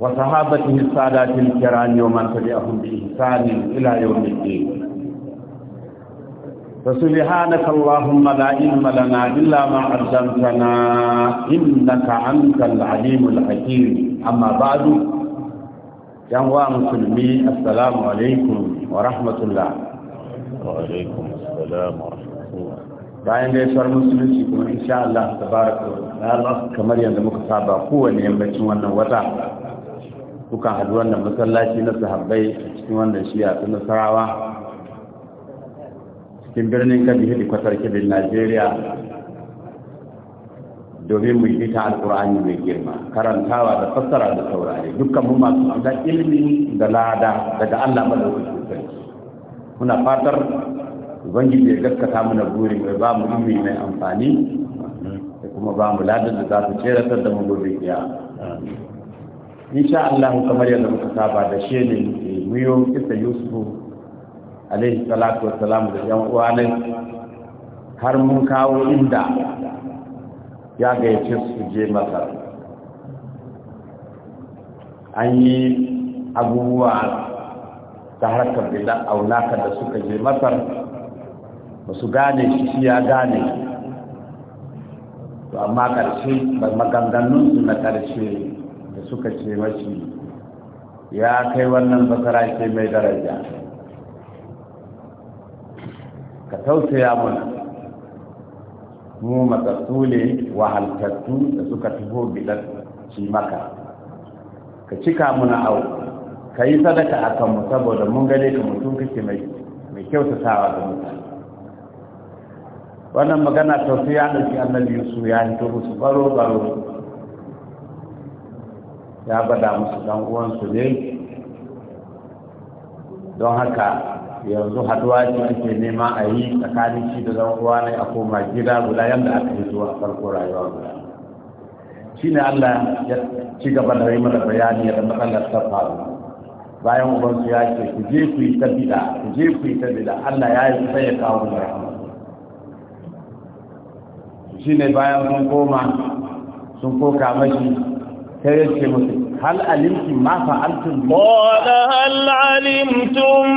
وصحابته السادات الكرام ومن تبعهم بإحسان إلى يوم الدين فسبحانك اللهم لا علم لنا إلا ما علمتنا إنك أنت العليم الحكيم أما بعد جمع مسلمي السلام عليكم ورحمة الله وعليكم السلام ورحمة الله bayan da ya shawar musulunci kuma insha Allah tabaraka wa ta'ala kamar yadda muka saba kowane yammacin wannan wata kukan haɗu wannan masallaci na sahabbai a cikin wannan shiya ta nasarawa cikin birnin kabi hidi kwatar kebin najeriya domin mu yi ta alkur'ani mai girma karantawa da fassara da saurare dukkan mu masu da ilimi da lada daga allah madaukakin sarki muna fatar ubangiji ya gaskata mana buri mai ba mu ilimi mai amfani da kuma ba mu ladar da za su ceratar da mu gobe ya insha Allah kamar yadda muka saba da shi ne eh, muyo kisa Yusuf alaihi salatu wassalam da yan uwanai har mun kawo inda ya gayyace su je masa an yi abubuwa ta harkar bila aunaka da suka je masar ba su gane shi shi ya gane to amma ƙarshe maganganunsu na ƙarshe da suka ce mashi ya kai wannan basara ce mai daraja ka tausaya mana mu matsatsu ne wahaltattu da suka taho bidan ci maka ka cika muna au ka yi sadaka a kanmu saboda mun gane ka mutum kake mai kyautatawa da mutane wannan magana ya ɗauki annabi su ya hito musu baro baro ya bada musu dan uwansu ne don haka yanzu haduwa ce ake nema a yi tsakanin shi da dan uwa ne a koma gida guda yadda aka yi zuwa farko rayuwa guda shi ne Allah ya ci gaba da yi mana bayani da matsalar ta faru bayan ubansu ya ce ku je ku yi ta ku je ku yi ta Allah ya yi sai ya kawo mu shi ne bayan sun koma sun koka mashi هل علمتم ما فعلتم قال هل علمتم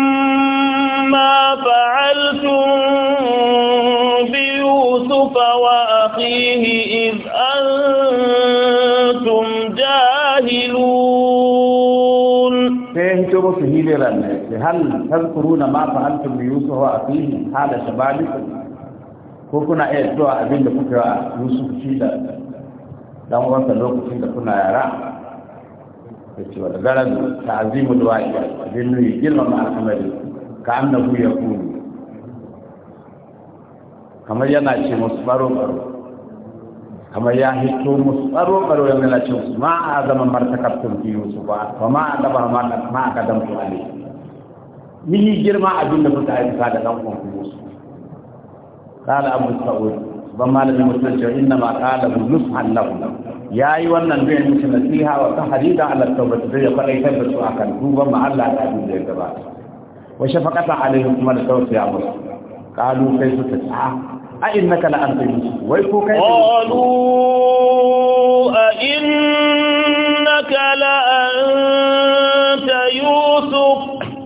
ما فعلتم بيوسف وأخيه إذ أنتم جاهلون هل تذكرون ما فعلتم بيوسف وأخيه هذا شبابكم ko kuna iya zuwa abin da kuka dan wanda lokacin da kuna yara da ce wata garar ta azimu da wa'i zai nuni girmama al'amari ka annabu ya kuni kamar yana ce musu baro-baro kamar ya hito musu tsaro tsaro yana na ce musu ma a zama martakaftun fi yusuf ba wa ma a gaba ma a kadan su ale ni girma abin da kuka aikata da dan uwan ku musu kala abu sa'ud ومال من المسلمين إنما قال نصحا لهم يا أيها وأنا بين فيها وتحديدا على التوبة فهي قال يثبت سؤالك توبة مع الله تعالى الجبال وشفقة عليهم كما التوبة يا مصر قالوا كيف تسعى أئنك لأنت المسلم ويكو كيف قالوا أئنك لأنت يوسف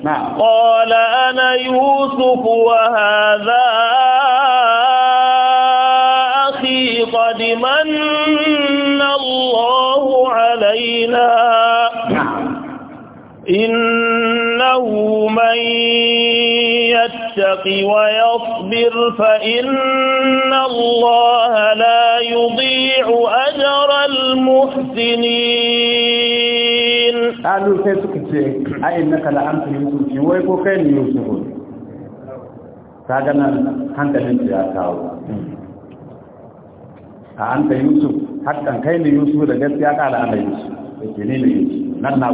نعم قال أنا يوسف وهذا إنه من يتق ويصبر فإن الله لا يضيع أجر المحسنين قالوا سيسكت أئنك لأنت يوسف ويكو كان يوسف كاغنا أنت من سياساو أنت يوسف حتى كان يوسف لجد سياسة على أنا يوسف يوسف nan na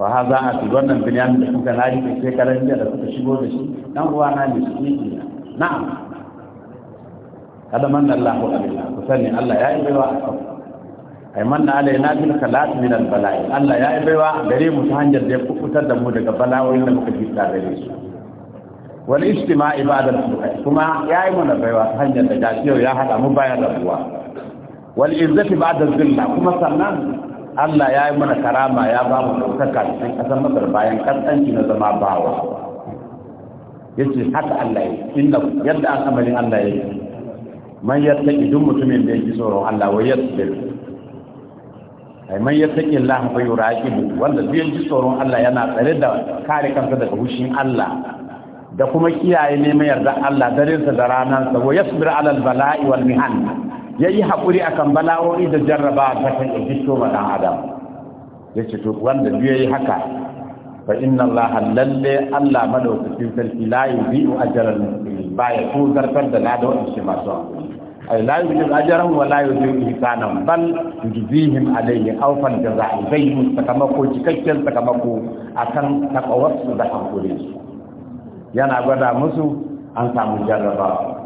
wa ha za a fi wannan binyamin da suka nari da shekaran jiya da suka shigo da shi dan uwa na ne yi ne na'am kada manna Allahu alaina ku sani Allah ya yi baiwa a kan ai manna na bil kalat min al bala'i Allah ya yi baiwa gare mu ta hanyar da ya kukutar da mu daga bala'o'in da muka jita gare su wal istima ibadatu kuma ya yi mana baiwa ta hanyar da gaskiya ya hada mu bayan rabuwa wal izzati ba'da zilla kuma sannan Allah ya yi mana karama ya ba mu ɗaukaka cikin ƙasar Masar bayan ƙasƙanci na zama bawa yace haka Allah ya inda yadda amalin Allah ya man yattaki duk mutumin da ji tsoron Allah wa yasbir ai man yattaki Allah fa yuraqibu wanda duk ji tsoron Allah yana tsare da kare kansa daga hushin Allah da kuma kiyaye neman yarda Allah darensa da ranansa, sa wa yasbir alal bala'i wal mihan ya yi haƙuri kan bala'o'i da jarraba ta kan ikisto ma ɗan adam ya ce to wanda biyu ya yi haka fa inna allaha lalle allah madaukakin sarki la yuzi'u ajral muslimin ba ya ko zartar da na wani shi masu ai ay la yuzi'u ajrahum wa la yuzi'u ihsanahum bal yujzihim alayhi awfal jaza'i zai sakamako cikakken sakamako akan takawarsu da hankuri yana gwada musu an samu jarrabawa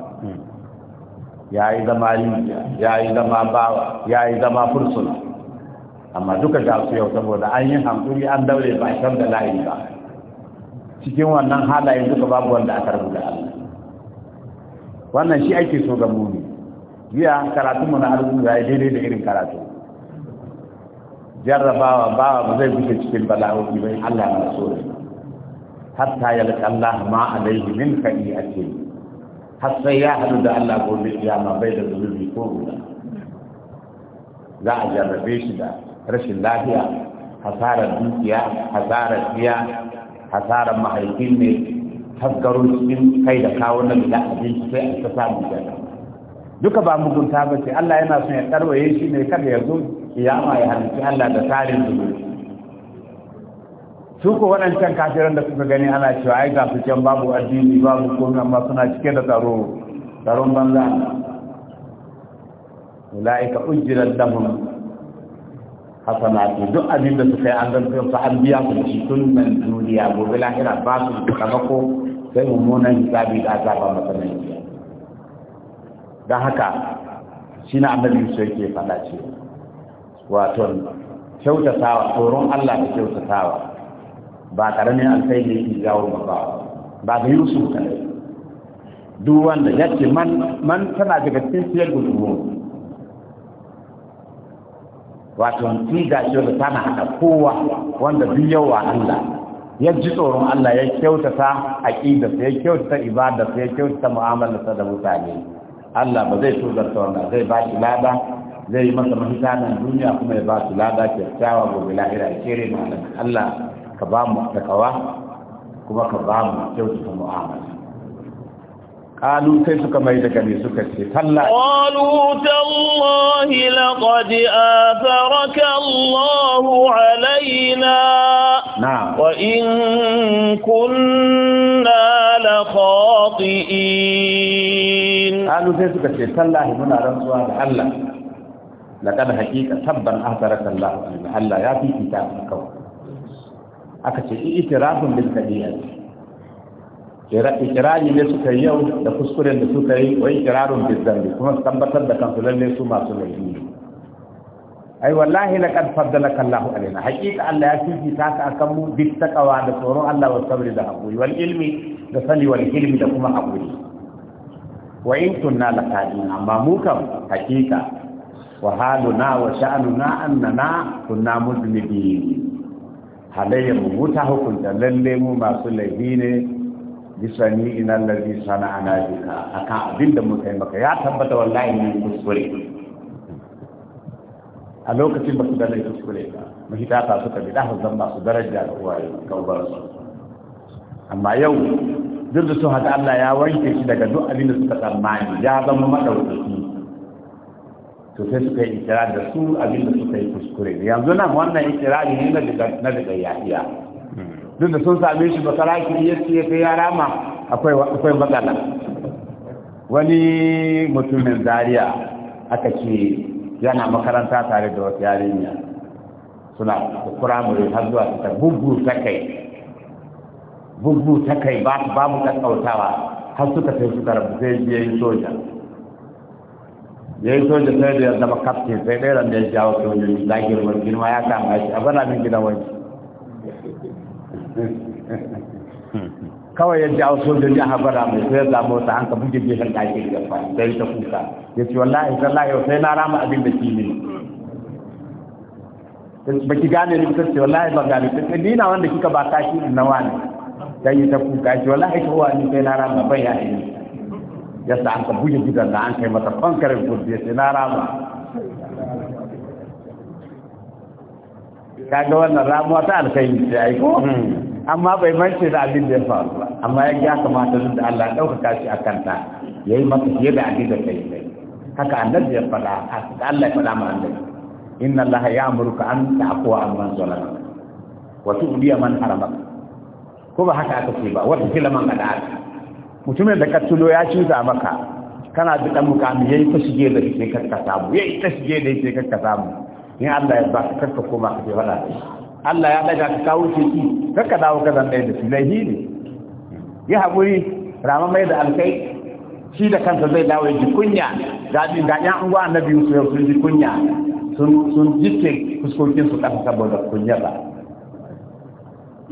ya yi zama rijiya ya yi zama bawa ya yi zama fursuna amma duka ga su yau saboda an yi hankuri an daure ba a da layi ba cikin wannan halayen duka babu wanda aka da Allah wannan shi ake so ga muni jiya mu na arziki ya yi daidai da irin karatu jarrabawa bawa ba zai buke cikin bala'o'i bai Allah na so hatta yalqa Allah ma alaihi min ake yi. har sai ya haɗu da Allah gobe kiyama bai da zunubi ko guda za a jarrabe shi da rashin lafiya hasarar dukiya hasarar biya hasarar mahaifin ne tasgarun cikin kai da kawo na gida abinci sai a ta samu da duka ba mugunta ba ce Allah yana son ya tarwaye shi ne kada ya zo kiyama ya halitta Allah da tarin zunubi su ko waɗancan kafiran da suka gani ana cewa ai ga su can babu addini babu komai amma suna cike da tsaro tsaron banza ulaika ujjirat lahum hasanatu duk abin da suka yi an zan su an biya su ci tun nan duniya gobe lahira ba su sakamako sai mummunan hisabi da azaba masananci don haka shi na annabi su yake faɗa ce wato kyautatawa tsoron allah da kyautatawa ba karamin alkhairi ne jawo ba ba ba ga yusuf kan duk wanda yake man man tana daga cikin siyar gudu wato ti ga shi da tana haka kowa wanda duk yawa Allah ya ji tsoron Allah ya kyautata aqida ya kyautata ibada ya kyautata mu'amalarsa da mutane Allah ba zai da wannan zai ba shi lada zai yi masa mahita duniya kuma ya ba shi lada kyakkyawa gobe lahira a kere da Allah ka ba mu takawa kuma ka قالوا كيف كما يدكني سكتي تلا قالوا تالله لقد آثرك الله علينا نعم وإن كنا لخاطئين قالوا كيف سكتي تلا هنا رمضان الله لقد حقيقة تبا آثرك الله الله يا في كتاب الكون aka ce itirafin bin kadiyar. ikirari ne suka yi yau da kuskuren da suka yi wa ikirarun bil zambi kuma su tabbatar da kansu lalle su masu laifi ne ai wallahi laqad faddalaka Allahu alaina haqiqa Allah ya fifita ka akan mu bi taqwa da tsoron Allah wa sabri da hakuri wal ilmi da sani wal ilmi da kuma hakuri wa in kunna na amma mu kam haqiqa wa haluna wa sha'anuna annana kunna mudnibin halayyar wuta hukunta lalle mu masu laifi ne bisa ni ina lalle sana najika jika kan abin da muka yi maka ya tabbata wallahi ne kuskure a lokacin ba su da laifin kuskure ba ta suka bi dafa zan masu daraja da uwaye kaubar su amma yau duk da sun haka Allah ya wanke shi daga duk abin da suka tsammani ya zama madaukaki to sai suka yi ikira da su abinda suka yi kuskure ne yanzu nan wannan ikirari ne na daga yahiya duk da sun same shi bakara ki ya ce kai ya rama akwai akwai matsala wani mutumin zaria aka ce yana makaranta tare da wata yarinya suna firamare har zuwa ta bugu ta kai bugu ta kai babu kakkautawa har suka sai suka rabu sai biyayi soja yayi so soja sai da ya zama kaftin sai ɗaya da ya jawo ne da girma girma ya kama shi a bana min gida wani kawai ya jawo sojoji ya habara mai sai ya samu wata hanka buge gehen da fa sai ta kuka ya ce wallahi sallahi yau sai na rama abin da shi ne ba ki gane ni sai wallahi ba gane sai ni na wanda kika ba shi na wani sai ta kuka shi wallahi ko wani sai na rama ban ya ni ya an aka buge gidan da an kai mata fankarin kurdi ya ce na rama ga wannan ramuwa ta alkhairi ce ai ko hmm. amma bai mance da abin da ya faru ba amma ya kamata duk da Allah ɗaukaka shi a kanta ya yi masa fiye da abin da kai kai haka annabi ya faɗa Allah ya faɗa ma annabi inna Allah ya ka an ta ta'akuwa an man zalama wa tu'diya man haramaka ko ba haka aka ce ba wata kila man da aka mutumin da ka tulo ya za maka kana da dan mukami yayi ta shige da sai karka samu yayi ta shige da sai karka samu in Allah ya baka karka koma ka je wala Allah ya daga ka kawo shi ki karka dawo ka zan da shi lahi ne ya hakuri rama mai da alkai shi da kansa zai dawo ji kunya ga ga yan uwa annabi Yusuf sun ji kunya sun sun jike fuskokin su kasa saboda kunya ba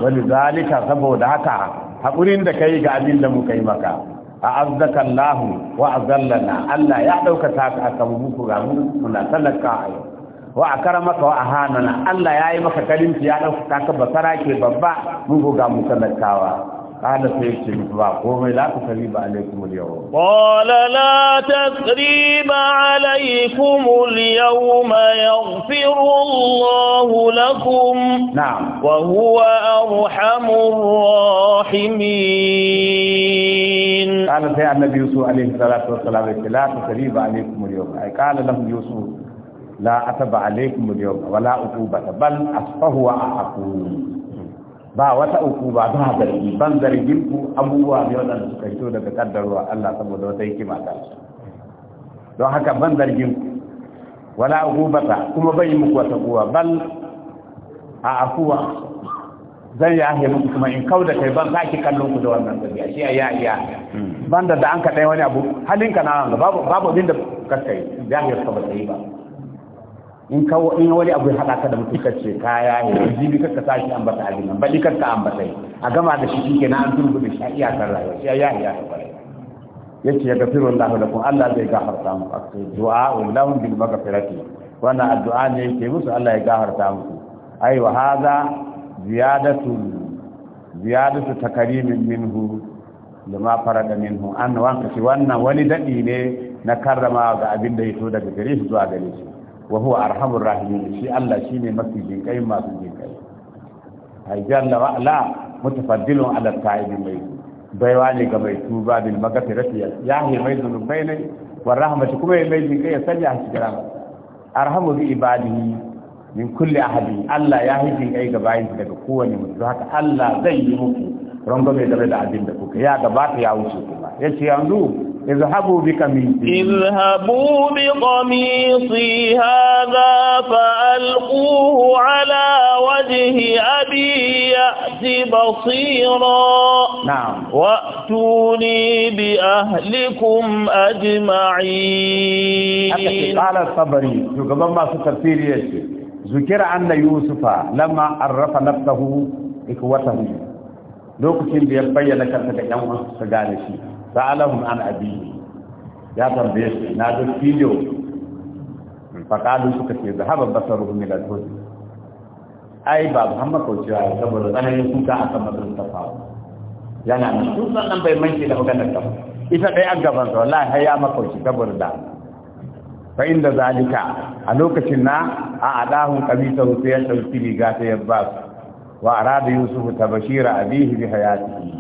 wani zalika saboda haka haƙurin da yi ga abin da muka yi maka a azzaka Allahu wa azallana Allah ya ɗaukata ka aka muku ga mu muna talaka a yau wa akramaka wa ahanana Allah ya yi maka kalimci ya ɗaukata ka basara ke babba mu ga mu talakawa قال سيكتب با قومي لا تثريب عليكم اليوم قال لا تثريب عليكم اليوم يغفر الله لكم نعم وهو أرحم الراحمين قال سيدي النبي يوسف عليه الصلاة والسلام لا تثريب عليكم اليوم أي قال له يوسف لا أتب عليكم اليوم ولا أتوبة بل أصفه وأحقون ba wata uku ba ba zargi ban zargin ku abubuwa ne waɗanda suka fito daga kaddarwa Allah saboda wata hikima ta don haka ban zargin ku wala ta kuma yi muku wata kuwa bal a afuwa zan ya ahe muku kuma in da kai ban ki kallon ku da wannan tabiya shi ya iya ban da da an ka wani abu halinka na nan babu babu abin da kaskai ya ahe ka ba yi ba in kawo in wani abu ya haɗa ka da mutum kace kaya ne jibi ka sa shi an bata abin nan baɗi bata yi a gama da shi kike na an turbuɗe shi a iyakar rayuwa shi ya ya ya ce ya gafiru Allah lakum Allah zai gafarta muku wani du'a lahum bil maghfirati wannan addu'a ne ke musu Allah ya gafarta mu. ai wa haza ziyadatu ziyadatu takarimin minhu fara da minhu an wanka shi wannan wani dadi ne na karrama ga abin da yato daga gare shi zuwa gare shi wa huwa arhamur rahimin shi Allah shine mafi jinkai masu jinkai ai jalla wa ala mutafaddilun ala ta'ibi mai baiwa ne ga mai tuba bil magfirati ya hi mai zunubai ne wa rahmatu kuma ya mai jinkai ya sanya a cikin rahama arhamu bi ibadihi min kulli ahadi Allah ya hi jinkai ga bayin daga kowane mutum haka Allah zai yi muku rango mai game da abin da kuka ya gabata ya wuce kuma yace yanzu اذهبوا بقميصي اذهبوا بقميصي هذا فألقوه على وجه أبي يأت بصيرا نعم وأتوني بأهلكم أجمعين قال الصبري يقضم ما ستفسير يشي ذكر أن يوسف لما عرف نفسه إخوته لوكسين بيبين لك أنت كأنه سجال شيء sa'alahum an ya tambaye su na ga video faqalu suka ce zahaba basaruhum ila al-hud ai ba Muhammad ko cewa saboda tsananin kuka akan yana nan su nan bai manke da maganar ta ita dai an gaban sa ya makauci saboda da fa inda zalika a lokacin na a adahun qabisa sai ya dauki riga ta yabba wa arada yusuf tabashira abihi bi hayatihi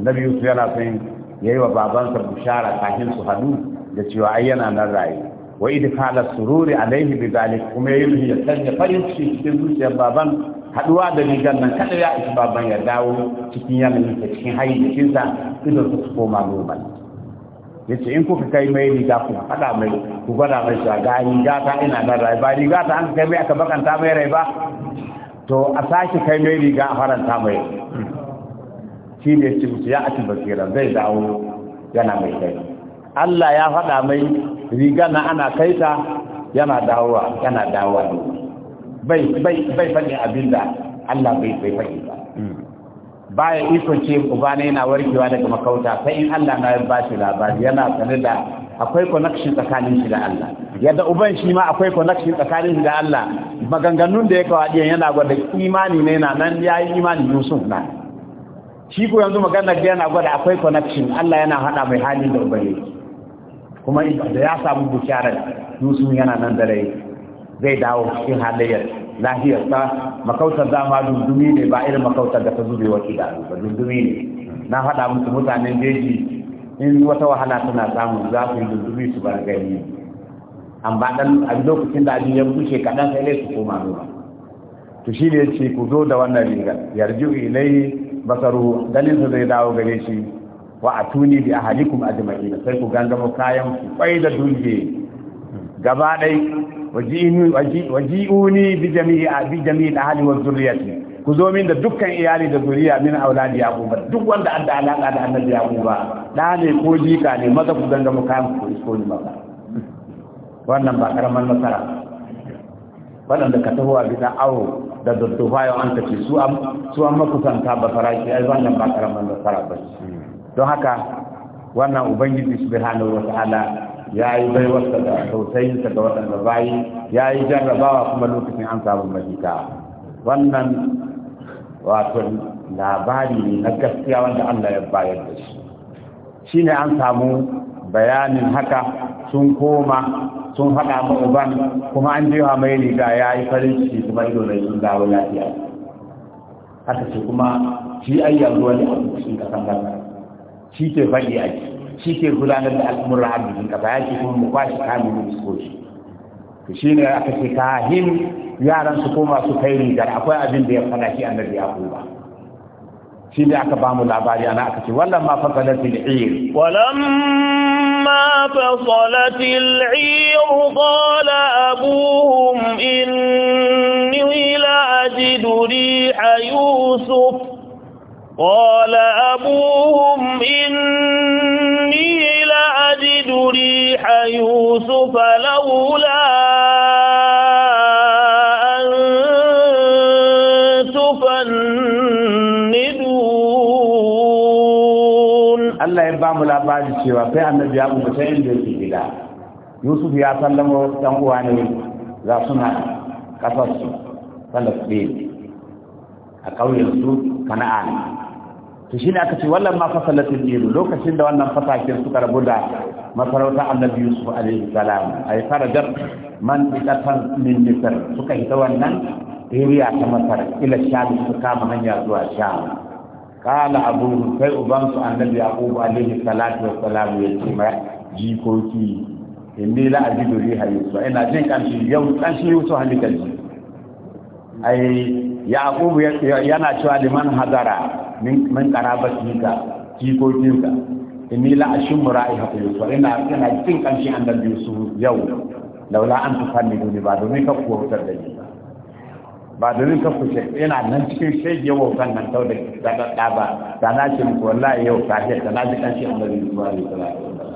annabi yusuf yana son yayi wa babansa bushara kafin su hadu da cewa ai yana nan raye wa idkala sururi alaihi zalik kuma yayi ya sanya farin ciki cikin zuciyar baban haduwa da rigar nan kada ya isa baban ya dawo cikin yanayin ta cikin cikin sa idan su koma normal yace in kuka kai mai riga ku fada mai ku gwada mai cewa ga riga ta ina nan raye ba riga ta an kai mai aka bakanta mai rai ba to a sake kai mai riga a faranta mai shi ne ce mutu ya ake basira zai dawo yana mai kai Allah ya faɗa mai riga na ana kaita yana dawowa yana dawowa ne bai bai bai faɗi Allah bai bai faɗi ba hmm. baya iko ce uba ne yana warkewa daga makauta sai in Allah na yin ba shi labari yana sanar da akwai connection tsakanin shi da Allah yadda uban shi ma akwai connection tsakanin shi da Allah maganganun da ya kawo yana gwada imani ne na nan yayi imani Yusuf na shi ko yanzu maganar da yana gwada akwai connection Allah yana hada mai hali da ubare kuma da ya samu bukiyarar Yusuf yana nan da rai zai dawo cikin halayyar lahiyar ta makautar dama dundumi ne ba irin makautar da ta zube wa da ba dundumi ne na hada musu mutanen jeji in wata wahala tana samu za su yi dundumi su bar gani amma dan a lokacin da abin ya bushe kadan sai su koma noma to shi ne ce ku zo da wannan rigar yarju ilai basaru ganin su zai dawo gare shi wa a atuni bi ahadikum ajma'in sai ku gangamo kayan ku da dunje gaba dai waji'uni bi jami'i bi jami'i ahli wa zurriyati ku zo min da dukkan iyali da zuriya min auladi yaquba duk wanda an da alaka da annabi ba da ne ko jika ne maza ku gangamo kayan ku isko ni ba wannan ba karaman nasara wadanda ka taho a bisa awo da dottofa yau an tafi su an makusanta ba faraki ai wannan ba karaman da fara ba don haka wannan ubangiji subhanahu wa ta'ala ya yi wasa da tausayinsa ga waɗanda bayi ya yi jarrabawa kuma lokacin an samu mahita wannan wato labari ne na gaskiya wanda Allah ya bayar da shi shine an samu bayanin haka sun koma sun haɗa ma uban kuma an wa mai riga ya yi farin ciki kuma ido da sun dawo lafiya haka ce kuma shi ai yanzu wani abu cikin kasan banza shi ke faɗi a shi ke gudanar da al'amuran arzikin kasa ya ce kuma mu kwashi kamin mu iskoci to shi ne aka ce kahin yaran su koma su kai rigar akwai abin da ya faɗa shi annabi ya kuma shi ne aka bamu labari ana aka ce wallan ma fasalatil ir ma fasalatil ir qala abuhum inni la ajidu riha yusuf qala abuhum inni la ajidu riha yusuf labari cewa sai annabi ya buɗe ta inda yake gida yusuf ya sallama dan uwa ne za suna kasar su falastin a ƙauyen su kana'an to shine aka ce wallan ma fasalatul ilu lokacin da wannan fasakin suka rabu da masarautar annabi yusuf alaihi salam ay farajar man ikatan min misr suka hita wannan area ta masar ila sham suka kama hanya zuwa sham kala abu sai uban su annabi yaqub alaihi salatu wassalam ya ce ma jikoki inni la ajidu riha yusuf ina jin shi yau shi yusu halikan shi ai yaqub yana cewa liman hadara min min qarabatika jikokinka inni la ashmu ra'iha yusu ina ina jin shi annabi yusu yau laula an tufanni ba domin ka kuwa da shi. ba da zai kafa shi yana nan cikin shege wautan nan tau da daɗaɗa ba da na ce muku wallahi yau kafiyar da na ji kan shi annabi sallallahu alaihi wasallam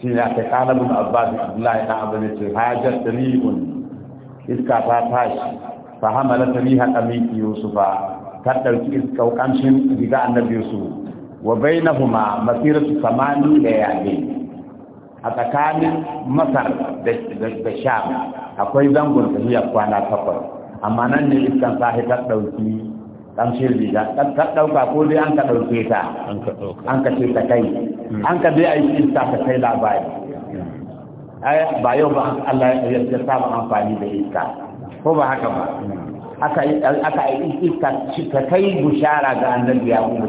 shi ne aka kana bin abbas abdullahi dan abu ne ce hajar tariqun iska ta tashi fa hamala tariha qamiti yusufa ta dauki iska kamshin riga annabi yusuf wa bainahuma masiratu samani da yabe a tsakanin masar da sham akwai zangon tafiya kwana takwas amma nan ne iskan sahi ta ɗauki ƙamshin riga ta ɗauka ko dai an ka ɗauke ta an ka ce ta kai hmm. an ka dai aiki iska ta kai labari ba yau ba Allah ya samun amfani da iska ko ba haka ba hmm. aka yi iska kai bushara ga annabi ya kuma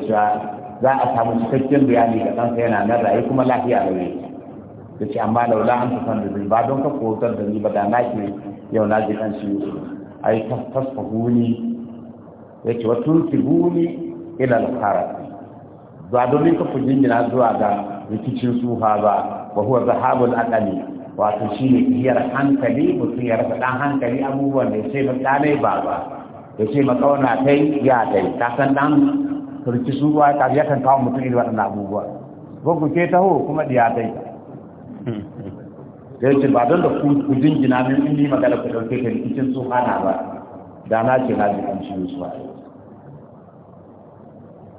za a samu cikakken bayani ga kansa yana nan rayu kuma lafiya da wuri da ce amma laula an ta san da ba don ka kotar da ni ba da na ke yau na ji kan shi yusuf ai tasfahuni ya ce wa tunsibuni ila al ba domin ka ku jingina zuwa ga rikicin suha ba Ba huwa zahabul aqali wato ne iyar hankali mutum ya rasa ɗan hankali abubuwan da ce maka ne ba ba ya ce maka wana kai ya kai ka san dan turki suwa ka ya kan kawo mutum irin waɗannan abubuwa ko ku ke taho kuma diya kai da yake ba don da ku jingina min in yi magana ku ɗauke ka rikicin tsohana ba da na ce na ji an shi yusuf a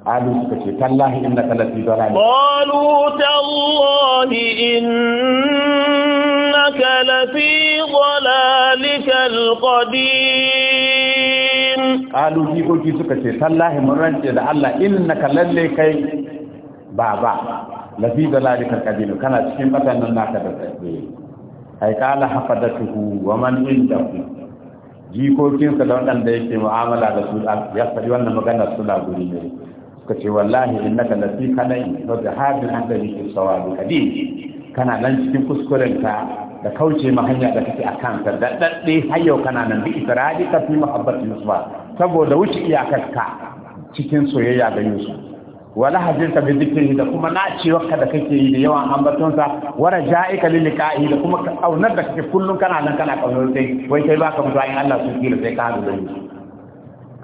Alu suka ce, Tallahi inda kalafi zara ne. Kalu tallahi inda kalafi zara ne kalkodin. Kalu jikoki suka ce, Tallahi mun rance da Allah inda lalle kai Baba!" lafi da lalikar kabilu kana cikin ƙasar nan naka da tsaye ai kala tuhu wa man indahu jikokinsa da waɗanda yake mu'amala da su ya fadi wannan magana suna guri ne suka ce wallahi innaka lafi kanai wa hadin da yake sawabi kadi? kana nan cikin kuskuren ka da kauce ma hanya da kake akan ka da dadde har yau kana nan bi ifradika fi mahabbati yusuf saboda wuce iyakarka cikin soyayya ga yusuf wala hajjinta bi zikrihi da kuma naciwarka da kake yi da yawan ambatonsa wara ja'ika lil liqa'i da kuma kaunar da kake kullun kana nan kana kaunar sai wai kai baka mutu Allah su kira sai ka hadu da shi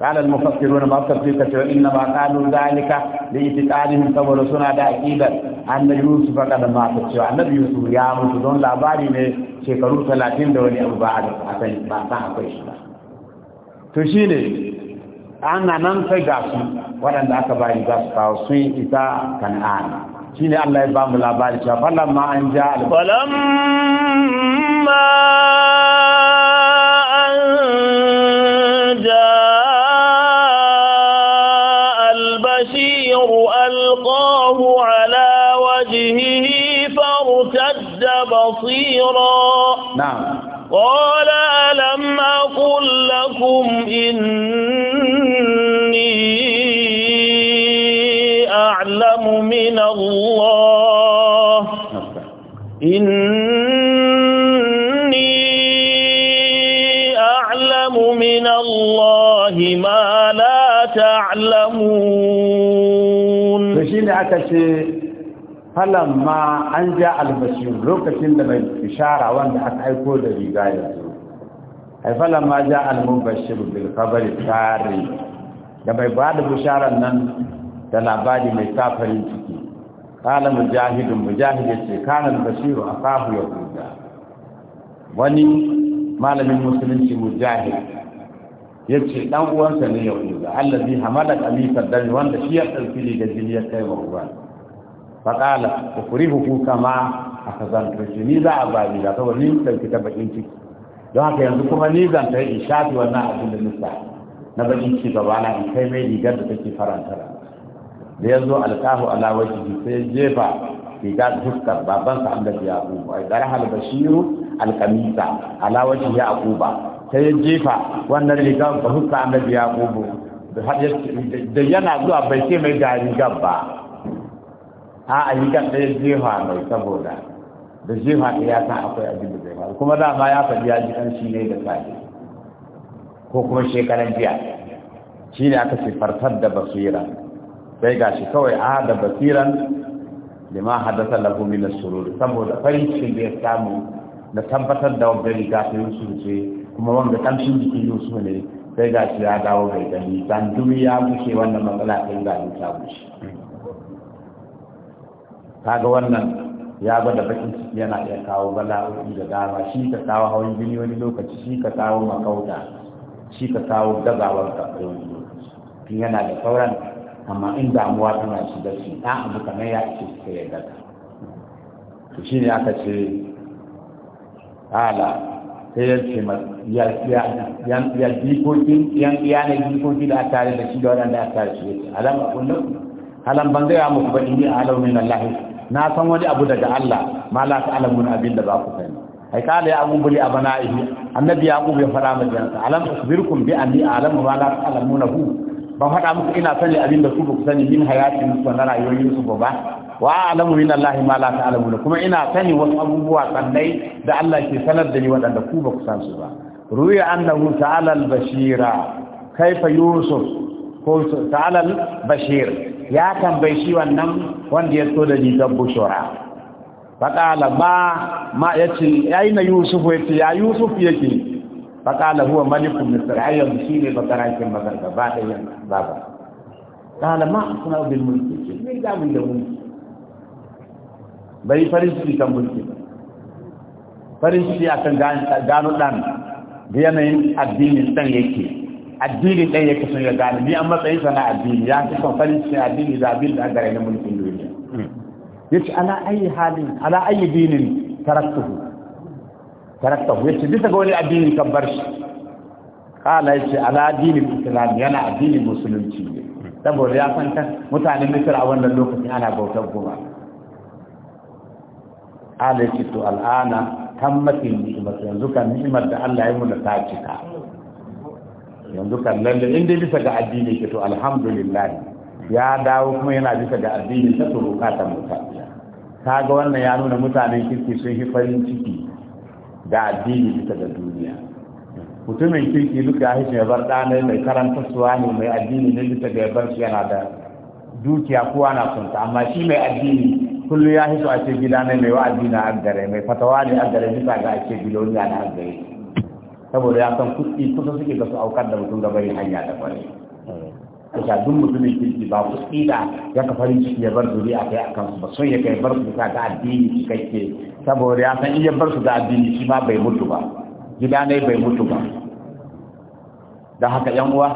قال المفسرون ما تفسيرك وإنما قالوا ذلك لإتقانهم سبب سنة عقيدة أن يوسف قد مات cewa annabi Yusuf ya mutu don labari ne shekaru 30 da wani abu ba a san ba ta akwai shi ba to shine ana nan sai ga su waɗanda aka bari za su kawo sun yi isa kan'ana shi ne Allah ya ba mu labari cewa falon ma an ja alba falon ma an ja albashiru alƙahu ala wajihihi fartadda basira na قال ألم أقل لكم إن الله إني أعلم من الله ما لا تعلمون فشين أكشي فلما أنجا البشير لو كشين لما إشارة وأن أتعيكو لذي غاية فلما جاء المبشر بالخبر التاري لما يبعد بشارة da bisharar nan da kala mujahidin mujahid ya ce kana bashiru a ya yahuda wani malamin musulunci mujahid ya ce dan uwansa ne yahuda allazi hamala kalifa dami wanda shi ya tsarki da jini ya kai wa uban fa kala ukrihuhu kama akazanto ni za a bani da saboda ni tsarki ta bakin ciki don haka yanzu kuma ni zan ta yi shafi wannan abin da nisa na bakin ciki gaba na in kai mai rigar da take faranta da ya zo alkahu ala wajihi sai jefa riga da fuskar babansa annabi yaqub ai dar hal bashiru alkamisa ala wajihi yaquba sai ya jefa wannan riga da fuskar annabi yaqub da yana zuwa bai ce mai da rigar ba a a rigar ɗaya jefa mai saboda da jefa ɗaya ya san akwai abin da zai faru kuma dama ya faɗi ya ji ɗan shi ne da safe ko kuma shekaran jiya shi ne aka ce farfar da basira sai ga shi kawai a da basiran da ma haddasa lahu na sururi saboda farin cikin da ya samu na tabbatar da wanda riga ta su ce kuma wanda kamshin jikin su ne sai gashi ya dawo bai gani dan dumi ya bushe wannan matsala ta yi gani ta bushe kaga wannan ya gwada bakin ciki yana iya kawo bala'o'i da dama shi ka kawo hawan jini wani lokaci shi ka kawo makauta shi ka kawo gazawar ka wani lokaci yana da sauran amma in damuwa tana shiga shi ɗan abu kamar ya ce suka yarda ka to shi ne aka ce ala sai ya ce ya jikokin yan yanar jikoki da a tare da shi da waɗanda a tare shi ya ce alam a kullum Alam ban gaya muku ba in yi alamun min allahi na san wani abu daga allah ma la ta alamun abin da ba ku sani ai kala ya abu buli abana ihi annabi ya abu ya fara majansa alam tasbirkum bi anni alamu ma la ta alamun hu Ban faɗa muku ina sani abin da ku ba ku sani min hayatin su na rayuwar Yusuf ba wa alamu min Allah ma la ta'lamuna kuma ina sani wasu abubuwa sannai da Allah ke sanar da ni waɗanda ku ba ku san su ba ruya annahu ta'ala al-bashira kaifa Yusuf ko ta'ala al-bashir ya tambayi shi wannan wanda ya so da ni da bushura faɗa ma ma yace aina Yusuf yace ya Yusuf yake faƙala huwa malikun misir har yanzu shi ne bakarakin masar gaba ɗaya baba ƙala ma a suna bin mulki ce ne damun da mulki bai farin ciki kan mulki farin ciki a kan gano ɗan da yanayin addinin ɗan yake addini ɗan yake sun ya gano ni an matsayin sana addini ya fi son farin ciki addini da abin da an gare na mulkin duniya ya ce ala ayi halin ala ayi dinin taraktuhu karakta ya ce bisa ga wani addini kan bar shi kala ya ce ala addinin islam yana addinin musulunci ne saboda ya san mutane mutanen misir a wannan lokacin ana bautar goma Al'a ya ce to al'ana kan mafi ni'imar yanzu kan ni'imar da Allah ya muna ta cika yanzu kan lalle in dai bisa ga addini ke to alhamdulillah ya dawo kuma yana bisa ga addini ta to bukatar mutane ga wannan ya nuna mutanen kirki sun yi farin ciki ga addini bisa da duniya mutumin kirki duka ya hishe bar ɗanar mai karanta suwa ne mai addini ne bisa ga bar shi yana da dukiya kowa na kunta amma shi mai addini kullum ya hiso a ce gida ne mai wa'azi na aggare mai fatawa ne aggare bisa ga ake biloniya na aggare saboda ya san kuɗi kusa suke ga su aukar da mutum gabari hanya da kwarai kusa duk mutumin kirki ba kuɗi da ya ka farin ciki ya bar zuri a kai a kansu ba son ya kai bar su bisa ga addini cikakke saboda ya san iya bar su da addini shi ma bai mutu ba gida ne bai mutu ba da haka yan uwa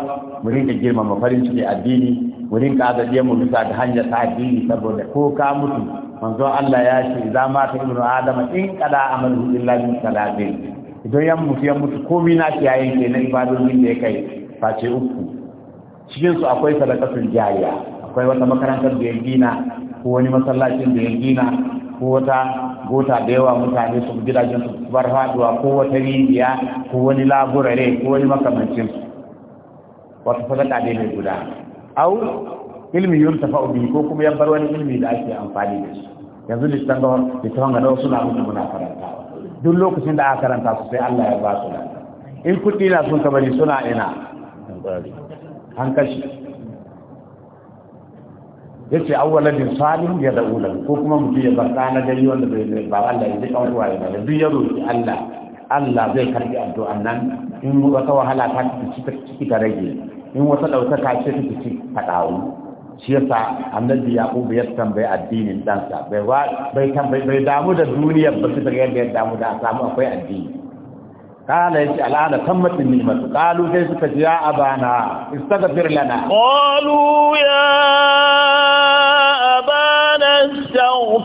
mu rinka girmama farin ciki addini mu rinka azabiyar mu bisa da hanyar ta addini saboda ko ka mutu manzo Allah ya ce za ma ta ibnu adama in kada amalu illa min salatin idan yan mutu yan mutu komai na yanke na da ya kai face uku cikin su akwai sadaqatul jariya akwai wata makarantar da ya gina ko wani masallacin da ya gina ko wata gota da yawa mutane su gidajen su bar faduwa ko wata rijiya ko wani laburare ko wani makamancin wata sadaka dai mai guda au ilmi yurtafa bi ko kuma ya wani ilmi da ake amfani da shi yanzu tsanga da tsanga da wasu na muna duk lokacin da aka karanta su sai Allah ya ba su in kudi na sun kabari suna ina hankali ya ce awwala waladin salim ya da ulan ko kuma mutum ya bar ɗana gari wanda bai ba Allah ya ji ɗan uwa ya da duk ya roƙi Allah Allah zai karbi addu'an nan in wata wahala ta ci ciki ta rage in wata ɗaukaka ce ta ci ta ɗawo shi yasa annabi yaqub ya tambayi addinin ɗansa bai bai tambayi bai damu da duniya ba su daga yadda ya damu da samu akwai addini قال يجي الآن تمت النعمة قالوا كيف يا أبانا استغفر لنا قالوا يا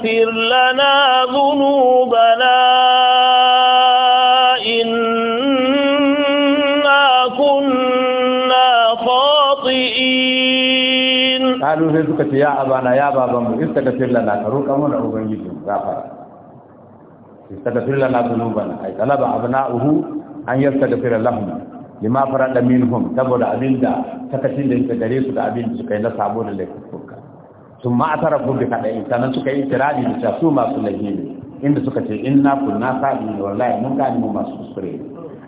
فاغفر لنا ذنوبنا إنا كنا خاطئين قالوا ذلك يا أبانا يا بابا استغفر لنا كروك أمنا أبنجي غفر استغفر لنا ذنوبنا أي طلب أبناؤه أن يستغفر لهم لما فرد منهم تبدأ أبين دا تكتين دا يتدريس دا أبين سكينا سابون لك sun ma'atara gobe kaɗai sannan suka yi tirari da su masu lahi inda suka ce in na kunna sa'i ne wallahi mun gani mu masu kuskure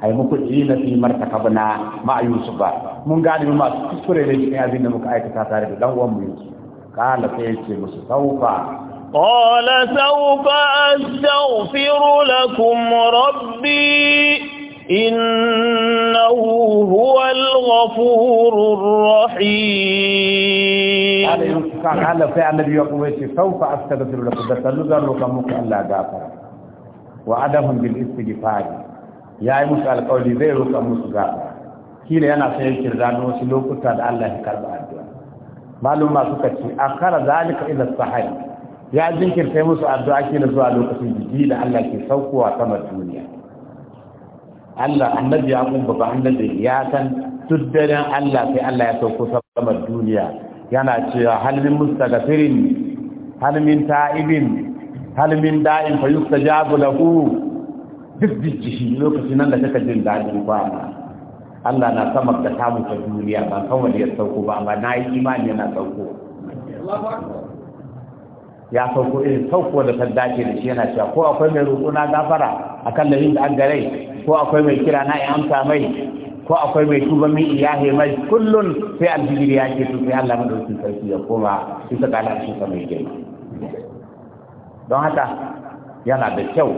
a ai muku ji na fi martaka bana ma yusuf ba mun gani mu masu kuskure ne cikin abin da muka aikata tare da dan uwan mu yusuf kala sai ya ce musu saufa قال سوف أستغفر لكم rabbi إنه هو الغفور الرحيم وعدهم بالاستغفار يا موسى القول غير لكم غافر أنا سيكر دانو سلوك تاد الله كرب عدوان معلوم ما سكتي أخر ذلك إلى الصحيح يا ذكر في موسى الدعاء كيل سؤال لكم جديد الله كي سوف وعتمد دنيا Allah annabi ya kun babban annabi ya san duk daren Allah sai Allah ya sauko samar duniya yana cewa halmin mustaghfirin halmin ta'ibin halmin da'in fa yustajabu lahu duk dijjishi lokacin nan da kaka jin dadin kwana Allah na samar da kamun ta duniya ba kawai ya sauko ba amma na yi imani yana sauko ya sauko irin sauko da ta dace da shi yana cewa ko akwai mai roƙo na gafara akan lalin da an gare ko akwai mai kira na in amsa mai ko akwai mai tuba min iyahe mai kullun sai aljibiri ya ce to sai Allah madaukakin sarki ya koma su ta kala su ka mai girma don haka yana da kyau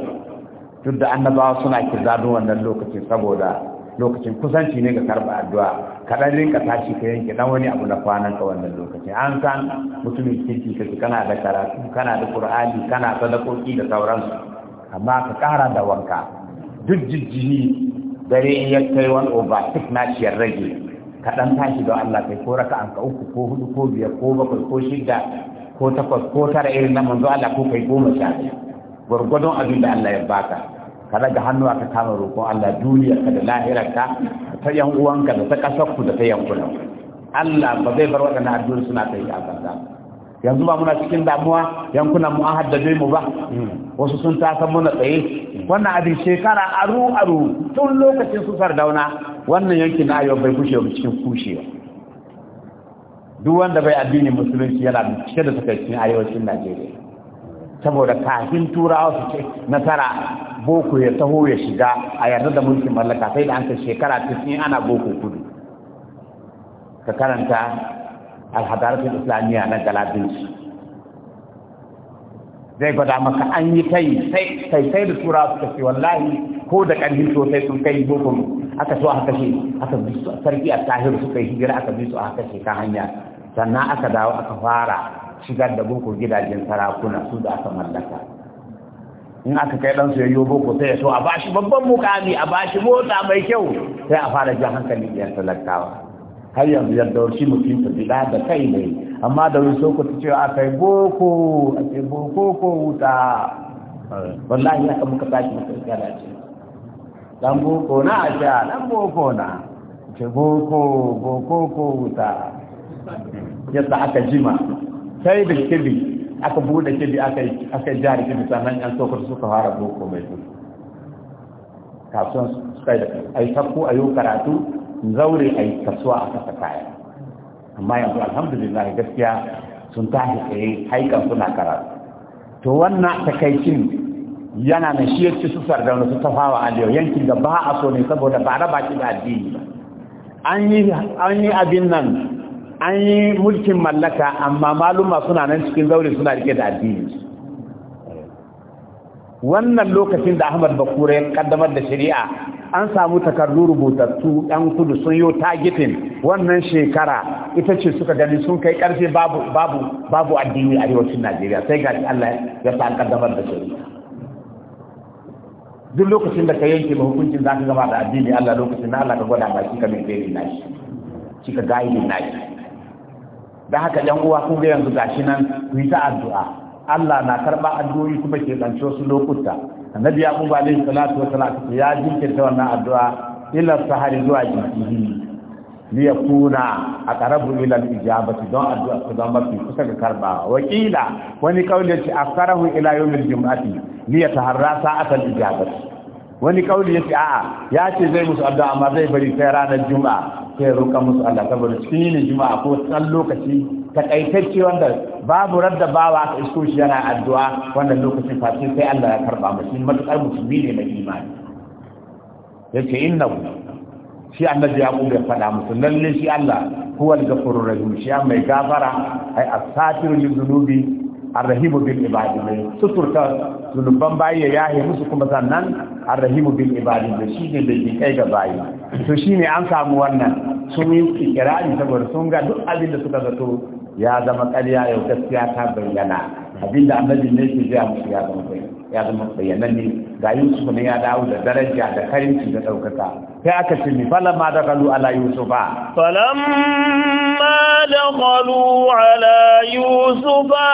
duk da annabawa suna kirzado wannan lokacin saboda lokacin kusanci ne ga karba addu'a kaɗan rinka tashi ka yanke dan wani abu na kwanan ka wannan lokacin an san mutumin kirki ka kana da karatu kana da qur'ani kana sadakoki da sauransu amma ka ƙara da wanka duk jijjini dare in ya kai wani over six na shi rage kaɗan tashi don Allah kai ko raka an ka uku ko hudu ko biyar ko bakwai ko shida ko takwas ko tara irin na manzo Allah ko kai goma sha gwargwadon abin da Allah ya baka ka daga hannu ka kama roƙon Allah duniyarka da lahirarka ta yan uwanka da ta ƙasarku da ta yankunan Allah ba zai bar waɗannan addu'o'i suna ta yi a banza yanzu ba muna cikin damuwa yankunan mu an haddabe mu ba wasu sun tasa muna tsaye wannan abin shekara aru aru tun lokacin su sardauna wannan yankin na ayyau bai kushe mu cikin kushewa duk wanda bai addinin musulunci yana cike da takaicin arewacin Najeriya saboda kafin turawa su ce nasara boko ya taho ya shiga a yarda da mulkin mallaka sai da an kai shekara 90 ana boko kudu ka karanta alhadaratul islamiyya na galabinci zai gwada maka an yi kai sai sai da tura su ce wallahi ko da ƙarfi sosai sun kai boko aka so aka kashe aka bi su sarki a tahir suka yi hijira aka bi su aka kashe ta hanya sannan aka dawo aka fara shigar da boko gidajen sarakuna su da aka mallaka in aka kai ɗansu ya yi boko sai ya so a bashi babban mukami a bashi mota mai kyau sai a fara jan hankali ya talakawa har yanzu yadda shi mutum ta fida da kai ne amma da wani so ta ce a yi boko a ce boko ko wuta wallahi haka ka tashi muka gara ce dan boko na a sha dan boko na ce boko boko ko wuta yadda aka jima sai da kibi aka buɗe kibi aka yi aka yi jari kibi sannan yan sokoto suka fara boko mai su kasuwan suka yi da ai sakko a yi karatu zaure a yi kasuwa a kasa kaya amma yanzu alhamdulillah gaskiya sun tashi tsaye haikan suna karatu to wannan takaicin yana na shi yake su wani su tafawa aliyu yankin da ba a so ne saboda ba raba ki da addini ba an yi an yi abin nan an yi mulkin mallaka amma maluma suna nan cikin zaure suna rike da addini wannan lokacin da ahmad bakura ya kaddamar da shari'a an samu takardu rubutattu ɗan kudu sun yi targetin wannan shekara ita ce suka gani sun kai karfe babu babu babu addini a yawancin najeriya sai ga allah ya sa kaddamar da shari'a duk lokacin da ka yanke hukuncin za ka gama da addini allah lokacin na allah ka gwada baki ka mai na shi shi ka gaidi na shi da haka yan uwa kun ga yanzu gashi nan ku yi ta addu'a Allah na karɓa addu'o'i kuma ke ɗance wasu lokuta annabi ya kuma alaihi salatu wa salatu ya jinkirta wannan addu'a ila sahari zuwa jikihi li yakuna aqrabu ila al-ijabati don addu'a ku zama mafi kusa ga karɓa. wakila wani kauli yace akarahu ila yawmil jum'ati li yataharra sa'at al-ijabati wani kauli yace a'a yace zai musu addu'a amma zai bari sai ranar juma'a sai roƙa musu Allah saboda cikin yin juma'a ko tsan lokaci takaitacce wanda babu radda bawa aka isko shi yana addu'a wannan lokacin fashe sai Allah ya karba mu shi matukar musulmi ne mai imani yace inna shi annabi ya ya faɗa musu lalle shi Allah huwa al-ghafurur rahim shi mai gafara ai as-satirul dhunubi ar-rahimu bil ibadi mai suturta zunuban bayi ya yahe musu kuma sannan ar-rahimu bil ibadi shi ne da kai ga bayi to shine an samu wannan sun yi kirari saboda sun ga duk abin da suka zato ya zama ƙarya yau gaskiya ta bayyana abin da annabi ne ke gaya musu ya zama ya zama bayyana ne ga yusuf ne ya dawo da daraja da karinci da ɗaukaka sai aka ce ni falan ma da kalu ala yusufa falan ma da kalu ala yusufa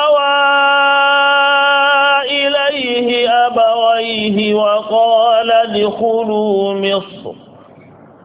awa ilaihi abawaihi wa qala dkhulu misr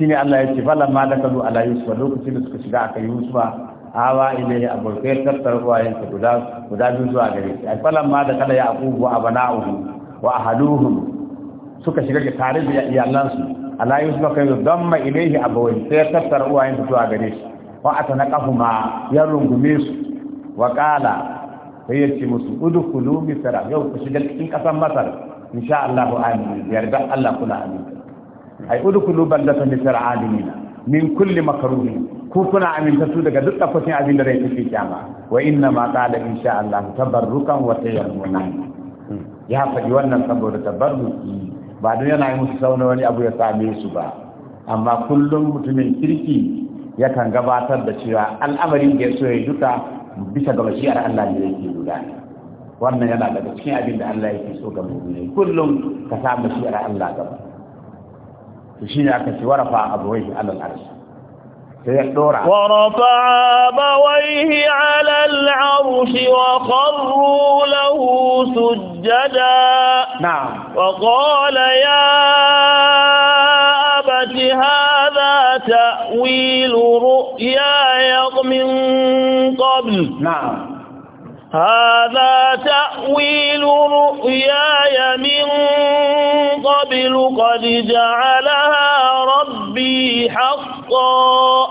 shine Allah ya ce fala ma dakalu ala yusuf lokacin da suka shiga aka yusuf awa a abokai kasar wayan ta guda guda biyu zuwa gare shi fala ma da kala yaqubu wa abana'uhu wa ahluhum suka shiga ga tare da iyalansu ala yusuf kai damma ilayhi abawai sai kasar wayan ta zuwa gare shi wa atanaqahuma ya rungume su wa qala sai ya ce musu udkhulu misra yau ku shiga cikin kasar masar insha Allahu amin yarda Allah kula amin ai udkhulu baldatan bi fir'alina min kulli makruhin ku kuna amintattu daga duk tafsirin abin da rai take kyama wa inna ma qala insha Allah tabarrukan wa tayammuna hmm. ya faɗi wannan saboda tabarruki ba don yana yi musu sauna wani abu ya same su ba amma kullum mutumin kirki ya kan gabatar da cewa al'amarin da ya so ya duka bisa ga bashiyar Allah ne yake gudana wannan yana daga cikin abin da Allah yake so ga mu kullum ka sa bashiyar Allah gaba ورفع أبويه على العرش وخروا له سجدا نعم وقال يا أبت هذا تأويل رؤيا من قبل نعم هذا تأويل رؤيا من قبل قد جعلها ربي حقا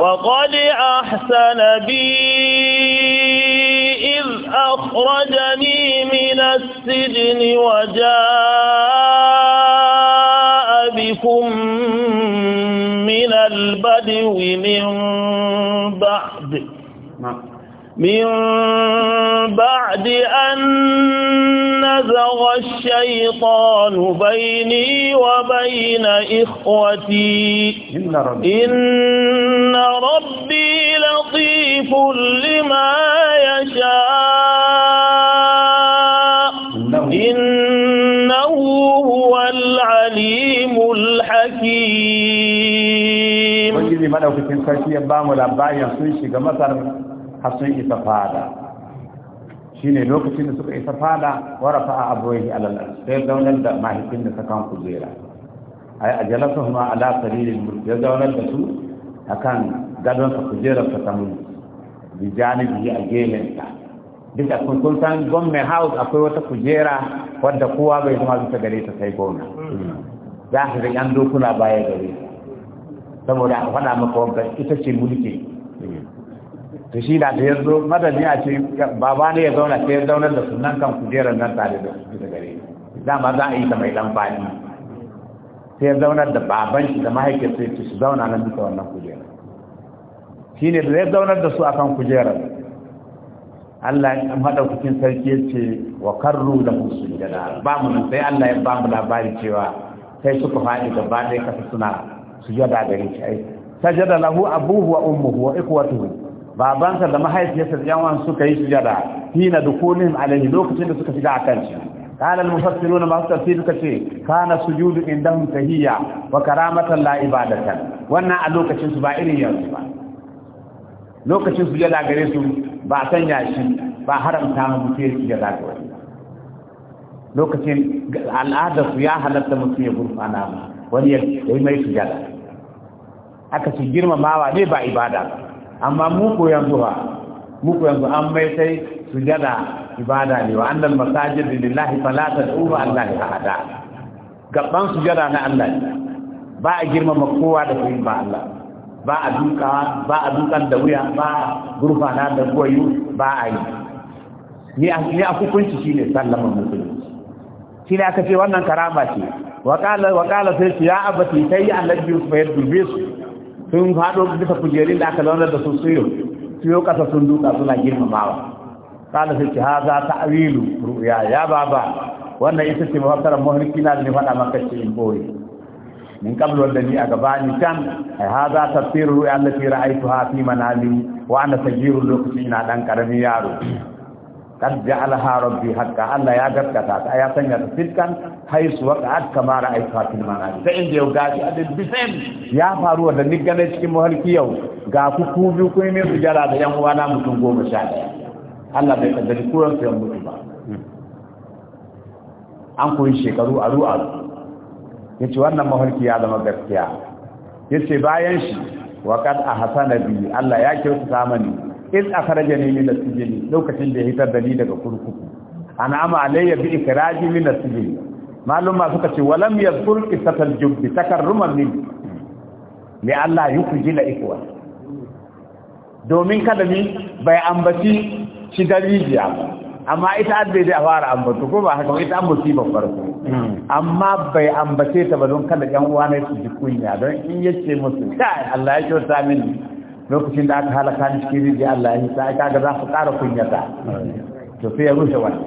وقد أحسن بي إذ أخرجني من السجن وجاء بكم من البدو من بعد من بعد أن نزغ الشيطان بيني وبين إخوتي إن ربي لطيف لما يشاء إنه هو العليم الحكيم من أوفي تنكشي أبام والأبايا سويشي كما ترم حسويشي تفادا shine lokacin da suka isa fada wara fa'a abuwaihi alal sai zaunar da mahaifin da sakan kujera ay ajalasahuma ala sariril mulk ya zaunar da su akan gadon sa ku zera ta mulki bi janibi a gefen ta duk kun kun san house akwai wata kujera wadda kowa bai zama bisa gare ta sai gona za su yan dokuna baya gare saboda a faɗa maka ita ce mulki to shi da da yazo madani a ce baba ne ya zauna sai ya da sunan kan kujerar nan tare da su da gare dama za a yi ta mai lamfani sai ya zaunar da baban shi da mahaifiyarsa ya ce su zauna nan duka wannan kujerar shi ne da ya zaunar da su a kan kujerar Allah ya madaukakin sarki ya ce wa karru da musu da ba mu nan sai Allah ya ba mu labari cewa sai suka faɗi gaba ɗaya kasa suna sujada gare shi ai sajada lahu abuhu wa ummuhu wa ikhwatuhu babansa da mahaifiyarsa da yawan suka yi sujada hina dukunin alaihi lokacin da suka shiga a kan shi قال المفسرون ما تفسير كتي كان سجود عندهم تهيا وكرامة Wannan a lokacin su ba irin yanzu ba lokacin sujada gare su ba sanya shi ba haramta mu fiye sujada ga wani lokacin al'ada su ya halatta mutum ya gurfana wani ya yi mai sujada aka ci girmamawa ne ba ibada amma mu ko yanzu ba mu ko yanzu an mai sai sujada ibada ne wa annal masajid lillahi fala tad'u ma Allah ahada gaban sujada na Allah ba a girmama kowa da koyi ba Allah ba a duka ba a dukan da wuya ba gurfana da goyu ba a yi ni a ni a hukunci shine sallama musulmi shi ne aka ce wannan karama ce wa qala wa qala sai ya abati sai annabi Yusuf ya dube su sun faɗo bisa kujerun da aka launar da sun suyo suyo ƙasa sun duka suna girmamawa kala ce ha za ta awilu ru'ya ya baba wannan ita ce mafakarar mahalki na da ne faɗa maka ce in boye min qabl wanda ni a gaba ni can ai ha za tsiru ru'ya allati ra'aytuha fi manali wa ana jiru lokaci ina dan ƙaramin yaro hakka Allah ya gaskata ta ya sanya ta fitkan haisu wa وقعت kama رايتها في المنام da inda yau gaji a bisan ya faru da ni gane cikin muhalki yau ga ku ku biyu ku ne su jara da yan uwa na mutum goma sha daya Allah bai kaddari kuran su yan mutu ba an koyi shekaru a ru'a ce wannan muhalki ya zama gaskiya yace bayan shi waqad ahsana bi Allah ya kyautata mani In iz akhrajani min as lokacin da ya hitar da ni daga kurkuku an'ama alayya bi ikraji min as malum ma suka ce walam yadhkur qisatal jubb takarruman min li alla yukjila ikwa domin kada ni bai ambaci shigar rijiya amma ita adde da fara ambatu ko ba haka ita ambaci ba farko amma bai ambace ta ba don kada yan uwa ne su ji don in yace musu kai Allah ya kyauta mini lokacin da aka halaka ni cikin rijiyar Allah ya sa aka ga za su ƙara kunyata to sai ya rushe wani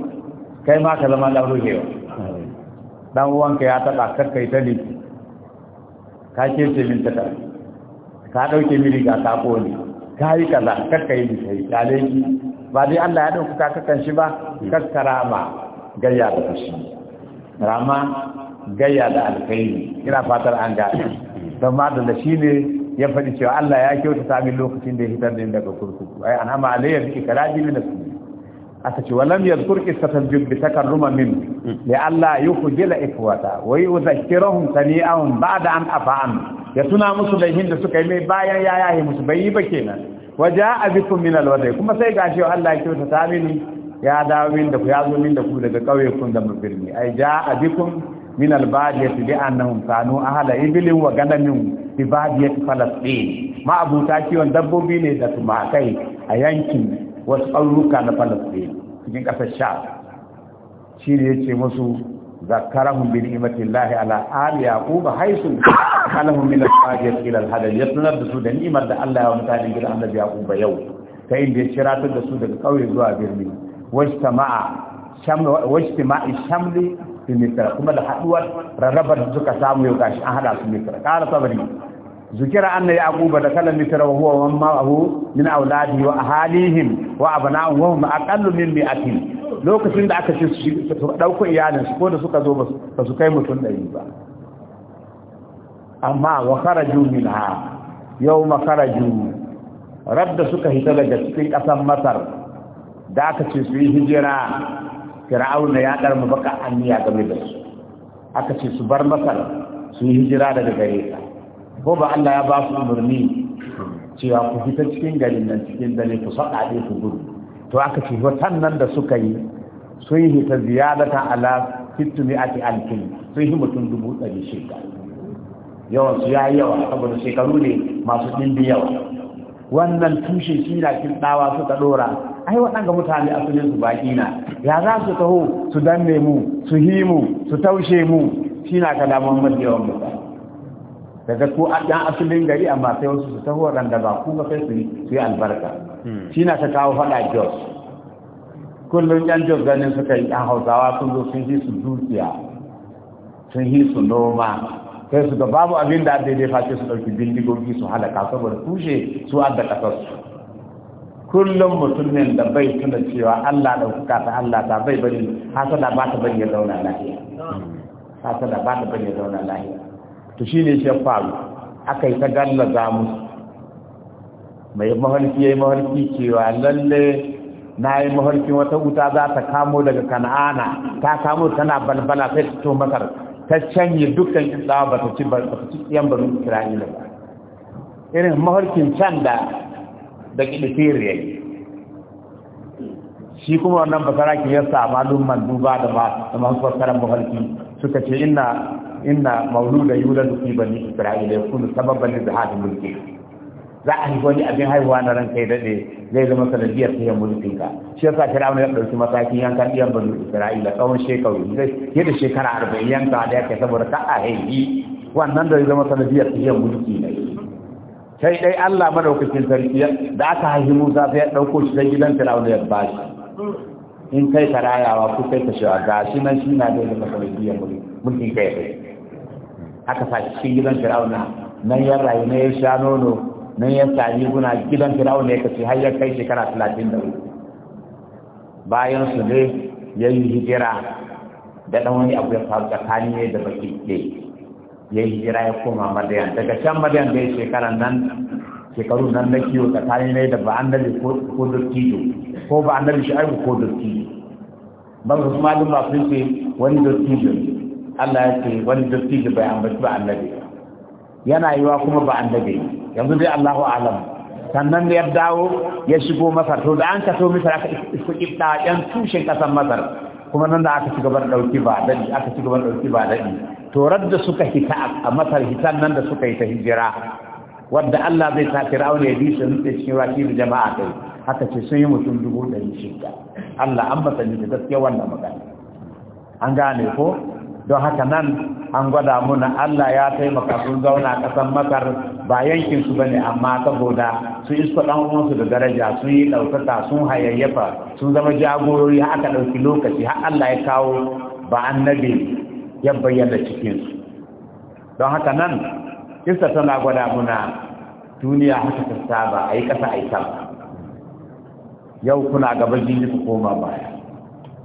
kai ma ka zama dan rushewa dan uwanka ya taɓa kakkai ta ne ka ce min ta ka ɗauke min riga ka ƙone ka yi kaza kakkai ni kai kyale ki ba dai Allah ya ɗauka kakan shi ba kakkarama gayya da shi. rama gayya da alkhairi ina fatar an gane don ma da shi ne ya faɗi cewa Allah ya ta min lokacin da ya hitar da ni daga kurkuku ai an hama alayya bi ikraji min nafsi aka ce walam yadhkur qissatan jub bi takarruma min mm. ya Allah yukhjila ikwata wa yudhakkirahum sani'ahum ba'da an afa'an ya tuna musu laihin da suka yi mai bayan ya yahi musu bai yi ba kenan waja bikum min alwadai kuma sai gashi Allah ya ta mini ya dawo min da ku ya zo min da ku daga kauye kun da birni ai a bikum min albadiyati bi annahum kanu ahla ibilin wa ganamin bi badiyati falastin ma abuta kiwon dabbobi ne da tumakai a yankin wasu tsarruka na falastin cikin kasar sha shi ne yace musu zakarahum bi ni'matillahi ala ali yaqub haythu khalahum min al-fajiyati ila al-hadal yatnar da su da ni'imar da Allah ya mutane gidan annabi yaqub yau ta inda ya shiratar da su daga kauye zuwa birni wajtama'a shamli wajtama'i shamli fi kuma da haduwar rarrabar da suka samu yau gashi an hada su kara sabari sabri zukira anna yaquba da kala mitara wa huwa wa ma'ahu min auladihi wa ahalihim wa abna'ihim wa hum aqallu min mi'atin lokacin da aka ce su dauko iyalin su ko da suka zo ba su kai mutum ɗari ba amma wa kharaju minha yawma kharaju radda suka hita daga cikin kasar masar da aka ce su yi hijira fir'auna ya karma baka anniya game da su aka ce su bar masar su yi hijira daga gare ta ko ba Allah ya ba su umarni cewa ku fita cikin garin nan cikin dare ku saka dai ku gudu to aka ce watan nan da suka yi sun yi ta ziyadata ala fitumi ati alkin sun yi mutum dubu ɗari shekaru. yawan su ya yi yawa saboda shekaru ne masu ɗimbi yawa wannan tushe shi na cin dawa suka dora ai waɗanda mutane asalin su baki na ya za su taho su danne mu su himu su taushe mu shi na kalaman majiyawan mu daga ko a ɗan asalin gari amma sai wasu su taho waɗanda ba ku ba sai su yi albarka hmm. shi na ka kawo faɗa jos kullum yan jos ganin suka yi ɗan hausawa sun zo sun yi su dukiya sun yi su noma kai su da babu abin da daidai face su ɗauki bindigogi su halaka saboda tushe su adda ƙasarsu kullum ne da bai tuna cewa Allah kuka ta Allah ta bai bari hasada ba ta bari ya zauna lahiya hasada ba ta bari ya zauna lahiya to shine shi faru akai ta galla za mu mai mahalki ya mahalki cewa lalle na yi mafarkin wata wuta za ta kamo daga kan'ana ta kamo tana balbala sai ta to masar ta canye dukkan isa ba ta ci ba ta ci yan barin isra'ila ba irin maharkin can da da kilifir ya shi kuma wannan ke ya sa malumman duba da ba da masu fasarar maharki suka ce inna inna mauluda yuladu fi bani isra'ila yakunu sababbalin da zahadi mulki za a yi wani abin haihuwa na ranka ya daɗe zai zama sanadiyar ta yin mulkin ka shi yasa fir'auna ya ɗauki matakin yankan ɗiyan banu isra'ila tsawon shekaru zai yi da shekara arba'in yanka da yake saboda ka a haihi wannan da zama sanadiyar ta yin mulki ne sai dai Allah madaukakin sarki da aka haihi Musa sai ya ɗauko shi dan gidan fir'auna ya ba shi in kai ka rayawa ko kai ka shawa ga shi nan shi na da zama sanadiyar mulkin kai haka sa cikin gidan fir'auna nan ya rayu na ya sha nono nan ya sami guna gidan firawun ne ka ce hayar kai shekara 30 bayan su ne ya yi hijira da ɗan wani abu ya faru tsakani ne da baki ke ya yi hijira ya koma madayan daga can madayan da ya shekara nan shekaru nan na kiwo tsakani ne da ba annabi ko dottijo ko ba annabi shi'aibu ko dottijo ban su duk ba sun ce wani dottijo Allah ya ce wani dottijo bai ambaci ba annabi yana yiwa kuma ba annabi yanzu dai Allahu alam sannan ya dawo ya shigo masar to da an kaso misar aka isko ibda yan tushen kasar masar kuma nan da aka ci gaban dauki ba dadi aka ci gaban dauki ba dadi to radda suka hita a masar hitan nan da suka yi ta hijira wadda Allah zai sa Fir'aun ya bi sun ce shi waki da jama'a kai haka ce sun yi mutum dubu ɗari shida Allah an masani da gaskiya wannan magana an gane ko don haka nan an gwada muna Allah ya taimaka sun zauna ƙasar Masar ba yankin su bane amma saboda su iska dan uwansu da daraja sun yi ɗaukaka sun hayayyafa sun zama jagorori har aka ɗauki lokaci har Allah ya kawo ba annabi ya bayyana cikin su don haka nan kissa tana gwada muna duniya haka ta saba a yi ƙasa a yi yau kuna gaba jini ku koma baya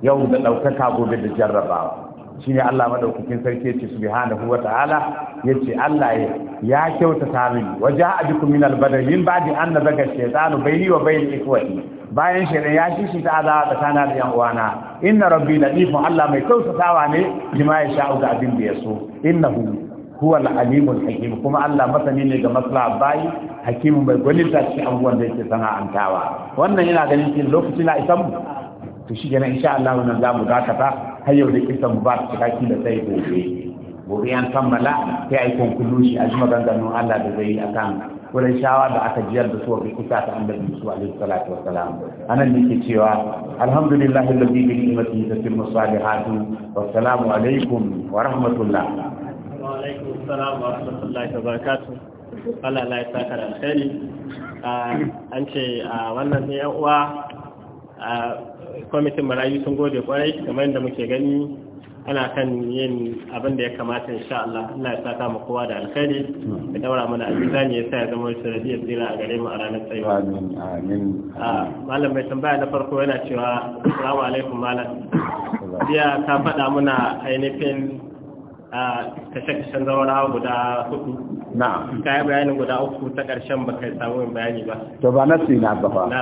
yau da ɗaukaka gobe da jarrabawa shine Allah madaukakin sarki yace subhanahu wa ta'ala yace Allah ya kyautata min waja'a bikum min al-badr min ba'di an nazaga shaytanu yi wa bayni ikhwati bayan shi ya shi shi ta da da yan uwana inna rabbi latifun Allah mai kyautatawa ne lima ya sha'u ga abin da yaso innahu huwa al-alimul hakim kuma Allah masani ne ga maslaha bai hakimin bai gwaninta shi abubuwan da yake sana'antawa wannan yana ganin lokacin na isan mu to shi kenan insha Allah wannan za mu dakata har yau da kisan mu ba su kaki da sai gobe gobe an kammala sai a yi konkulushi a ji maganganun Allah da zai yi a kan wurin shawa da aka jiyar da su wa kusa ta annabi su alaihi salatu wassalam anan ne ke cewa alhamdulillah alladhi bi ni'matihi tatimmu salihatu wassalamu alaikum wa rahmatullah wa alaikum assalam wa rahmatullahi wa barakatuh Allah la ya saka da alkhairi ah, an ce ah, wannan ne yan uwa ah, kwamitin marayu sun gode kwarai kamar yadda muke gani ana kan yin abin da ya kamata insha Allah ina ya saka mu kowa da alkhairi da daura mana azizani ya sa ya zama sanadiyar zira a gare mu a ranar tsayo amin amin malam mai tambaya na farko yana cewa assalamu alaikum malam biya ka faɗa muna ainihin kashe-kashen zaura guda hudu na ta yi bayanin guda uku ta ƙarshen ba kai samu yin bayani ba to ba na na ba ba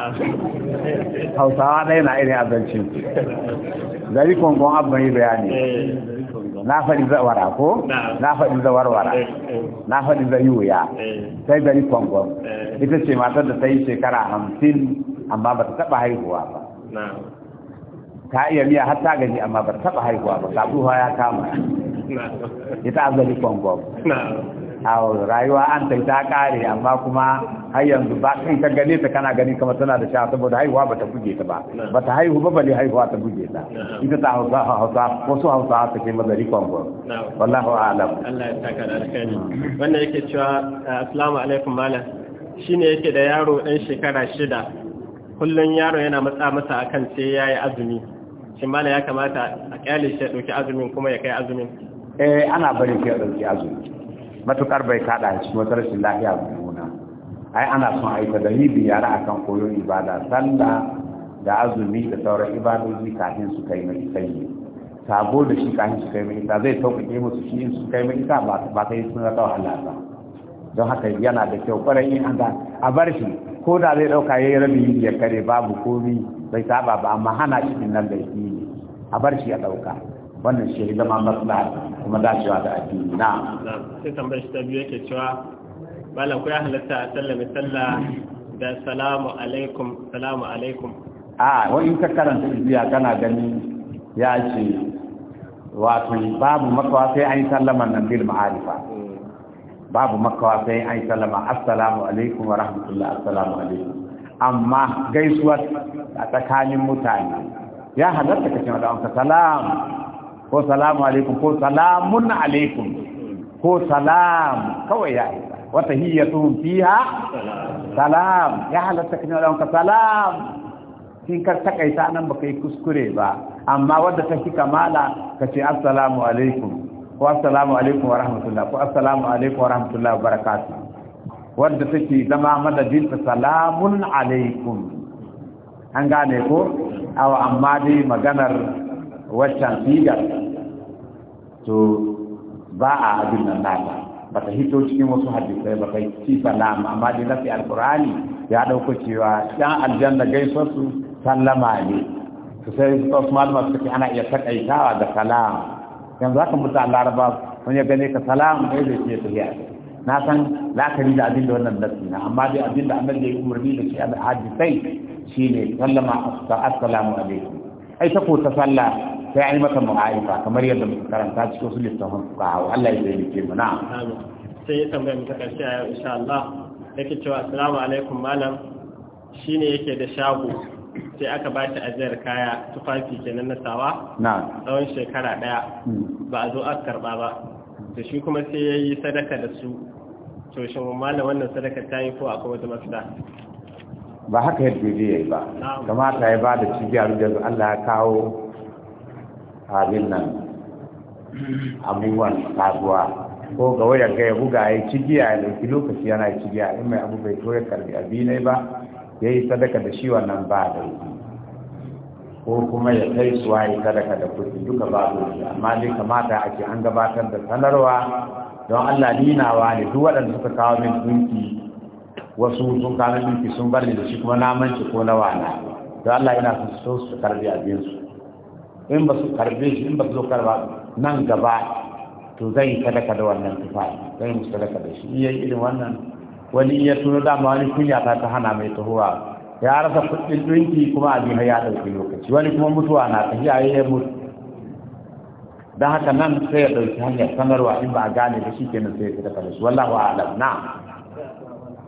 hausawa ɗaya na irin abincin Zari kongon abin yi bayani eh, na faɗi zawara ko na faɗi zawarwara eh, eh. na faɗi wuya. sai gari kongon ita ce matar da ta yi shekara hamsin amma ba ta taɓa haihuwa ba ta iya miya har ta gani amma ba ta taɓa haihuwa ba sabuwa ya kama ita azali kwangwam a rayuwa an ta ta kare amma kuma har yanzu ba kan ka gane ta kana gani kamar tana da sha saboda haihuwa bata buge ta ba bata haihu ba bale haihuwa ta buge ta ita ta hausa hausa wasu hausa ta ke mazari kwango wallahu alam Allah ya saka da alkhairi wannan yake cewa assalamu alaikum malam shine yake da yaro dan shekara shida kullun yaro yana matsa masa akan sai yayi azumi shin malam ya kamata a kyale shi ya dauki azumin kuma ya kai azumin eh ana barin ke dauki azumi matukar bai kada shi wata rashin lafiya ba nuna ai ana son ta da ribi yara akan koyon ibada sanda da azumi da sauran ibadoji kafin su kai mai sai sabo da shi kafin su kai mai ta zai sauƙaƙe musu shi su kai mai ita ba ta yi sun zata wahala ba don haka yana da kyau ƙwarai in an da a bar shi ko da zai ɗauka ya yi rabi ya kare babu komi bai saba ba amma hana shi nan da shi ne a bar shi ya ɗauka wannan shi zama maslaha kuma dacewa da addini na sai tambayar shi ta biyu yake cewa malam ku ya halatta a sallame sallah da salamu alaikum salamu alaikum a wani ka karanta ibiya kana gani ya ce wato babu makawa sai an yi sallaman nan bil ma'arifa hmm. babu makawa sai an yi sallama assalamu alaikum wa rahmatullahi assalamu alaikum amma gaisuwa a tsakanin mutane ya halatta ka ce wa salam ko salamu alaikum ko salamun alaikum ko salam kawai ya isa wata hiyatu fiha salam ya halatta kin da wanka salam kin kar takaita nan baka yi kuskure ba amma wanda fi kamala ce assalamu alaikum ko assalamu alaikum wa rahmatullah ko assalamu alaikum wa rahmatullah wa barakatuh wanda take zama madadin salamun alaikum an gane ko aw amma dai maganar waccan sigar to ba a abin nan nata ba ta hito cikin wasu hadisai ba kai ci salama amma dai nafi alkurani ya dauko cewa yan aljanna gaisuwar su sallama ne su sai wasu malama ana iya takaitawa da salam yanzu haka mutane laraba wani ya gane ka salam ne zai ce tafiya na san la'akari da abin da wannan nasi na amma dai abin da annabi ya umarni da shi a hadisai shine sallama assalamu alaikum ai ta ko ta sallah sai an yi mata mu'aifa kamar yadda muka karanta cikin su littafin fuka hau Allah ya zai mu na sai ya tambaya mu ta karshe a yau insha Allah yake cewa assalamu alaikum malam shine yake da shago sai aka ba shi ajiyar kaya tufafi kenan na sawa na tsawon shekara daya hmm. ba a zo aka karba ba da shi kuma sai ya yi sadaka da su to shi malam wannan sadaka ta yi ko akwai wata mafita ba haka yadda zai yi ba kamata ya ba da cibiyar da Allah ya kawo abin nan abubuwan sabuwa ko ga wayar ga ya buga ya giya ya ɗauki lokaci yana giya in mai abu bai tura karbi abi ne ba ya yi sadaka da shi wannan ba da ko kuma ya kai suwa ya sadaka da kuɗi duka ba da amma dai kamata a ake an gabatar da sanarwa don allah ninawa ne duk waɗanda suka kawo min dunki wasu sun kawo min dunki sun bar ni da shi kuma na manci ko na wana don allah ina so su karbi abinsu in ba su karbe shi in ba su zo karba nan gaba to zan yi sadaka da wannan tufafi zan yi musu sadaka da shi iya irin wannan wani iya tuno dama wani kunya ta ta hana mai tahowa ya rasa kuɗin ɗinki kuma abin ya dauki lokaci wani kuma mutuwa na tafiya ya yi mutu don haka nan sai ya ɗauki hanyar sanarwa in ba a gane da shi kenan sai ya sadaka da shi wallahu a'lam na'am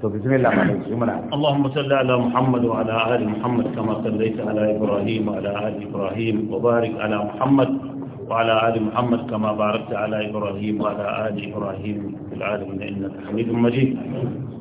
بسم الله الرحمن الرحيم اللهم صل على محمد وعلى آل محمد كما صليت على إبراهيم وعلى آل إبراهيم وبارك على محمد وعلى آل محمد كما باركت على إبراهيم وعلى آل إبراهيم في العالمين إنك حميد مجيد